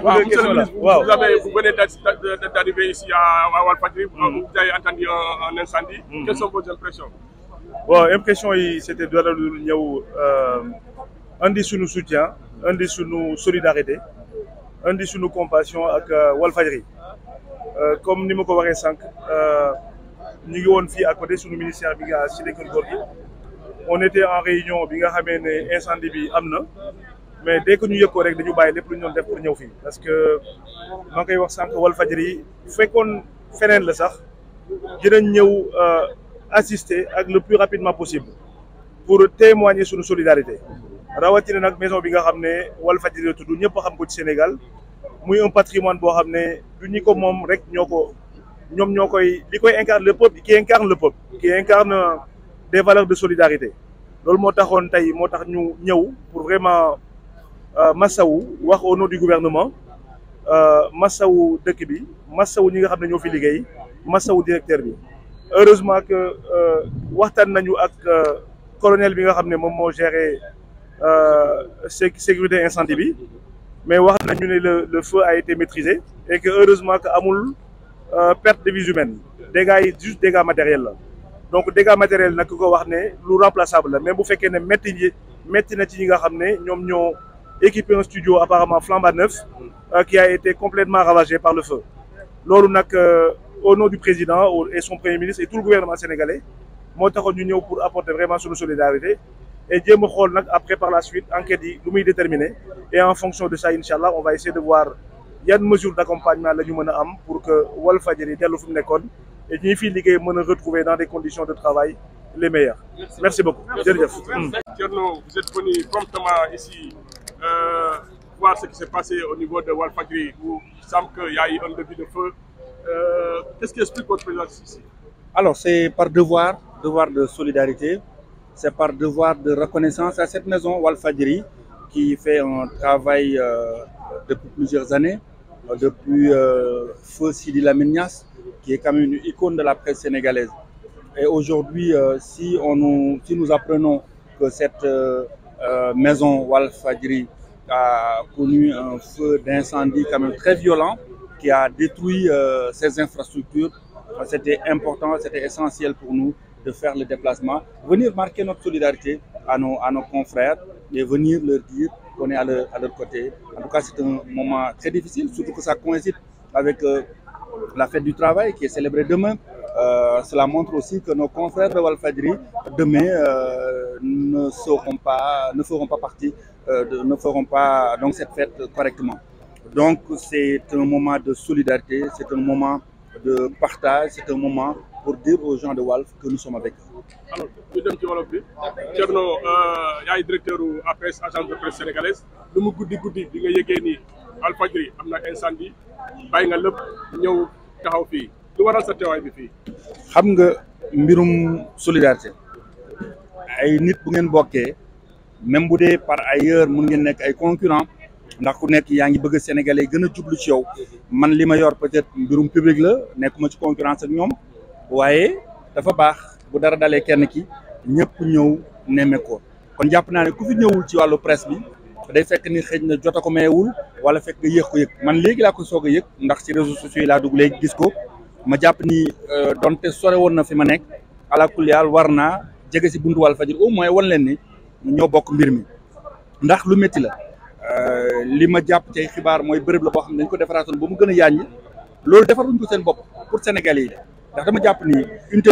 waaw monsieur le ministre vous avez vous venez d'arriver ici à Walfadjri hmm. vous avez entendu un incendie hmm. quelles sont vos impressions bon impression yi c'était dara lu ñëw indi euh, suñu soutien indi suñu solidarité indi suñu compassion ak euh, Walfadjri euh, comme ni ma ko waxee sànq ñu ngi woon fii à côté suñu ministère bi nga Cité Keur Gorgui on était en réunion bi nga xamee ne incendie bi am na mais dès que ñu yëg ko rek dañu bàyyi lépp lu ñu doon def pour ñëw fii parce que maa ngi koy wax sànq Walfadjri yi fekkoon feneen la sax dinañ ñëw euh, assister ak le plus rapidement possible pour témoigner suñu solidarité rawatina nag maison bi nga xam ne Walfadjri la tudd ñëpp xam ko ci Sénégal muy un patrimoine boo xam ne du ñi ko moom rek ñoo ko ñoom ñoo koy li koy incarne le peuple qui incarne le peuple qui incarne des valeurs de solidarité loolu moo taxoon tey moo tax ñu ñëw pour vraiment Euh, masawu wax au nom du gouvernement euh, masawu dëkk bi masawu ñi nga xam ne ñoo fi liggéey masawu directeur bi heureusement que euh, waxtaan nañu ak colonel bi nga xam ne moom moo géré sécurité incendie bi mais wax nañu ne le le feu a été maîtrisé et que heureusement que amul perte de vies humaines dégâts yi juste dégâts matériels la donc dégâts matériels nag ko wax ne lu remplaçable la mais bu fekkee ne métti métti na ci ñi nga xam ne ñoom ñoo équipé un studio apparemment flambant neuf euh, qui a été complètement ravagé par le feu loolu nag euh, au nom du président et son premier ministre et tout le gouvernement sénégalais moo taxoon ñu ñëw pour apporter vraiment suñu solidarité et jéem a xool après par la suite enquête yi lu muy déterminer et en fonction de ça incha allah on va essayer de voir yan mesure d' la ñu mën am pour que Walfadjri dellu fu mu nekkoon et ñi liggéey mën a retrouver dans des conditions de travail les meilleures. merci, euh, voir ce qui s'est passé au niveau de Walfadjri où il semble qu'il y a eu un début de feu. Euh, ce qui explique votre présence Alors, c'est par devoir, devoir de solidarité, c'est par devoir de reconnaissance à cette maison Walfadjri qui fait un travail euh, depuis plusieurs années, euh, depuis euh, Feu Sidi Lamignas, qui est quand de la presse sénégalaise. Et euh, si, on nous, si nous apprenons que cette maison Walfadjri a connu un feu d'incendie quand même très violent qui a détruit euh, ses infrastructures. C'était important, c'était essentiel pour nous de faire le déplacement, venir marquer notre solidarité à nos, à nos confrères et venir leur dire qu'on est à leur, à leur, côté. En tout cas, c'est un moment très difficile, surtout que ça coïncide avec euh, la fête du travail qui est célébrée demain. Euh, cela montre aussi que nos confrères de Walfadri, demain, euh, ne, seront pas, ne feront pas partie euh, ne feront pas donc cette fête correctement. Donc c'est un moment de solidarité, c'est un moment de partage, c'est un moment pour dire aux gens de Walf que nous sommes avec eux. alors ñu dem ci wolof bi Thierno euh, yaay directeur u APS agence de presse sénégalaise lu mu guddi guddi bi nga yëgee ni Walfadjri am na incendie bàyyi nga lépp ñëw taxaw fii lu waral sa teewaay bi fii. xam nga mbirum solidarité ay nit bu ngeen bokkee. même bu dee par ay ailleurs mun ngeen nekk ay concurrent ndax ku nekk yaa ngi bëgg sénégalais gën a jublu ci yow man li ma yor peut-être mbirum public la nekkuma ci concurrence ak ñoom waaye dafa baax bu dara dalee kenn ki ñëpp ñëw nemme ko kon jàpp naa ne ku fi ñëwul ci wàllu presse bi day fekk ni xëy na jot a ko mayewul wala fekk nga yéex ko yëg man léegi laa ko soog a yëg ndax ci réseaux sociaux yi laa dugg léegi gis ko ma jàpp ni euh, donte sore woon na fi ma nekk ala war naa jege si buntu Walfadjri au moins wan leen ni ñoo bokk mbir mi ndax lu métti la euh, li ma jàpp ci xibaar mooy bërëb la boo xam ne dañ ko defaraatoon ba mu gën a yaaññ loolu defaruñ ko seen bopp pour sénégal yi ndax jàpp ni une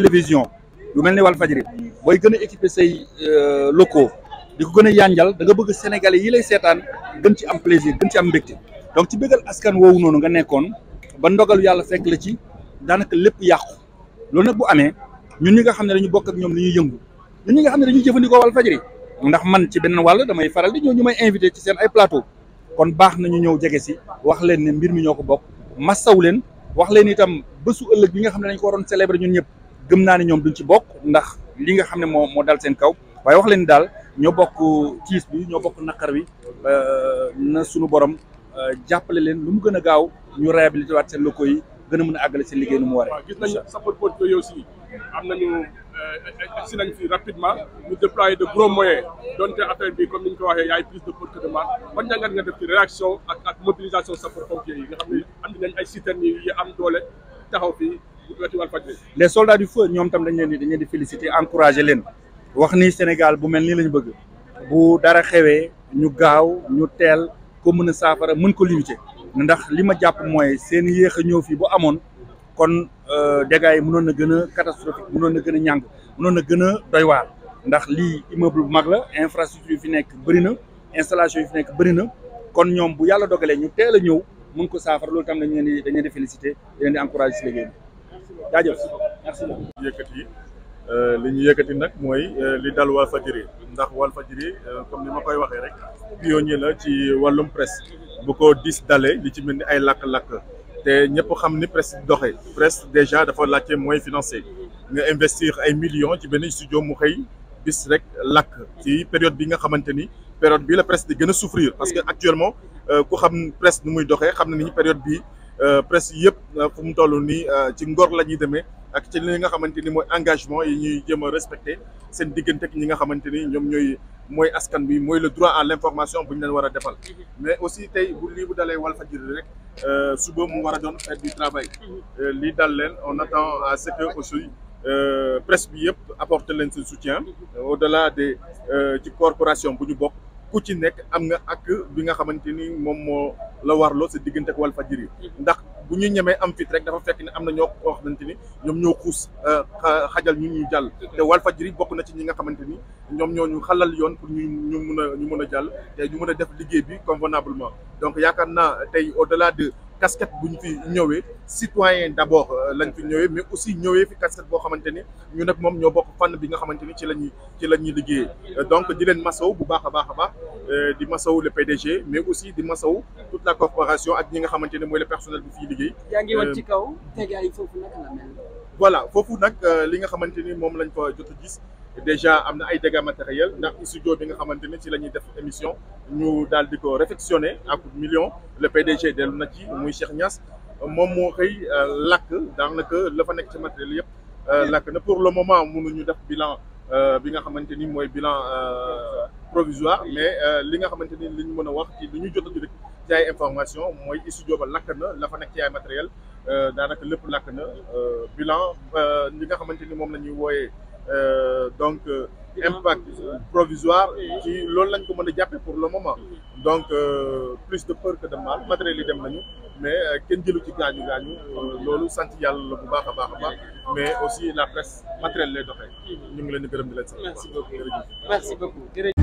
lu mel ni Walfadjri booy gën a équiper say euh, locaux di ko a yànjal da nga bëgg Sénégalais yi lay seetaan gën ci am plaisir gën ci am mbégte donc ci bëggal askan woowu noonu nga nekkoon ba ndogalu yàlla fekk la ci daanaka lépp yàqu loolu nag bu amee ñun ñi nga xam ne dañu bokk ak ñoom li ñuy yëngu ñun ñi nga xam ne dañuy jëfandikoo Walfadjri ndax man ci beneen wàll damay faral di ñëw ñu may invité ci seen ay plateau kon baax na ñu ñëw jege si wax leen ne mbir mi ñoo ko bokk massaw leen wax leen itam bésu ëllëg bi nga xam ne dañ ko waroon célébrer ñun ñëpp gëm naa ne ñoom duñ ci bokk ndax li nga xam ne moo moo dal seen kaw waaye wax leen daal ñoo bokk tiis bi ñoo bokk naqar wi euh, na suñu borom euh, jàppale leen lu mu gën a gaaw ñu réhabilité waat seen locaux yi gën a mën a àggale seen liggéey nu mu waree. gis nañu sapeurs-pompiers yooyu aussi am nañu Euh, euh, agsi nañ fi rapidement ñu déployer de gros moyens bi comme ni ko waxee yaay prise de porte de marque ban njàngat nga def ci réaction ak ak mobilisation sapeur yi nga xam ne andi nañ ay citernes yi am doole taxaw fi weti Walfadjri les soldats du feu ñoom tam dañ leen di dañ leen di encourager leen wax ni Sénégal bu mel nii lañu bëgg bu dara xewee ñu gaaw ñu teel ko mën a saafara mën ko limiter ndax li ma jàpp mooy seen yéex a ñëw fii bu amoon kon euh, dégâts yi mënoon na gën a catastrophique mënoon na gën a ñàng mënoon na gën a doy waar ndax lii immeuble bu mag la infrastructure yi fi nekk bëri na installation yi fi nekk bëri na kon ñoom bu yàlla dogalee ñu teel a ñëw mën ko saafara loolu tam dañ leen di dañ leen di félicité dañ leen di encouragé si liggéey bi jaajëf merci beaucoup yëkkati euh, li ñu yëkkati nag mooy euh, li dal Walfadjri ndax Walfadjri comme ni ma koy waxee rek pionnier la ci wàllum presse bu ko dis dalee li ci mel ni ay lakk-lakk te ñëpp xam ni presse doxe presque déjà dafa laajte mooy financier nga investir ay million ci benn studio mu xëy bis rek lakk ci période bi nga xamante ni période bi la presse gën a souffrir parce que actuellement euh, ku xam presse muy doxee xam na ni période bi euh, presse yëpp euh, fu mu toll nii ci ngor la ñuy demee ak ci li nga xamante ni mooy engagement yi ñuy jéem a respecté seen diggante ak ñi nga xamante ni ñoom ñooy mooy askan bi mooy le droit à l'information bu ñu leen war a defal mais aussi tey bu lii bu dalee Walfadjri rek Euh, suba mu war a doon fête du travail euh, lii dal leen on attend à ce que aussi euh, presse bi yëpp apporter leen seen soutien au delà des ci corporation bu ñu bokk ku ci nekk am nga ak bi nga xamante ni moom moo la warloo sa diggante ak Walfadjri ndax bu ñu ñemee am fit rek dafa fekk ne am na ñoo xamante ni ñoom ñoo xuus xajal ñu ñuy jàll mm-hmm. te Walfadjri bokk na ci ñi nga xamante ni ñoom ñoo ñu xalal yoon pour ñu ñu mun a ñu mun a jàll te ñu mun a def liggéey bi convenablement donc yaakaar naa tey au delà de casquette bu ñu fi ñëwee citoyen d'abord euh, lañ fi ñëwee mais aussi ñëwee fi casquette boo xamante ni ñu nag moom ñoo bokk fànn bi nga xamante ni ci la ñuy ci la ñuy liggéeyee euh, donc di leen masaw bu baax a baax a baax euh, di masaw le PDG mais aussi di masaw toute la corporation ak ñi nga xamante ne mooy le personnel bi fiy liggéey. yaa ngi woon ci kaw tegaay foofu nag la mel. voilà foofu nag li nga xamante ni moom lañ fa jot a gis. déjà am na ay dégâts matériels ndax studio bi nga xamante ni ci la ñuy def émission ñu daal di ko réfectionné ak million le PDG dellu na ci muy Cheikh Niass moom moo xëy euh, lakk daanaka la fa nekk ci matériel yëpp euh, lakk na pour le moment ñu def bilan euh, bi nga xamante ni mooy bilan provisoire mais li nga xamante ni li ñu mën a wax ci lu ñu jot a rek ci ay information mooy studio ba lakk na la fa nekk ci ay matériel daanaka lépp lakk na bilan li nga xamante ni moom la ñuy wooyee Euh, donc euh, impact provisoire ci loolu lañ ko mën a jàppee pour le moment donc euh, plus de peur que de mal matériel yi dem nañu mais kenn jëlu ci gaañu gaañu loolu sant yàlla la bu baax a baax a baax mais aussi la presse matériel lay doxee mm-hmm. ñu ngi leen di gërëm di leen sant merci beaucoup merci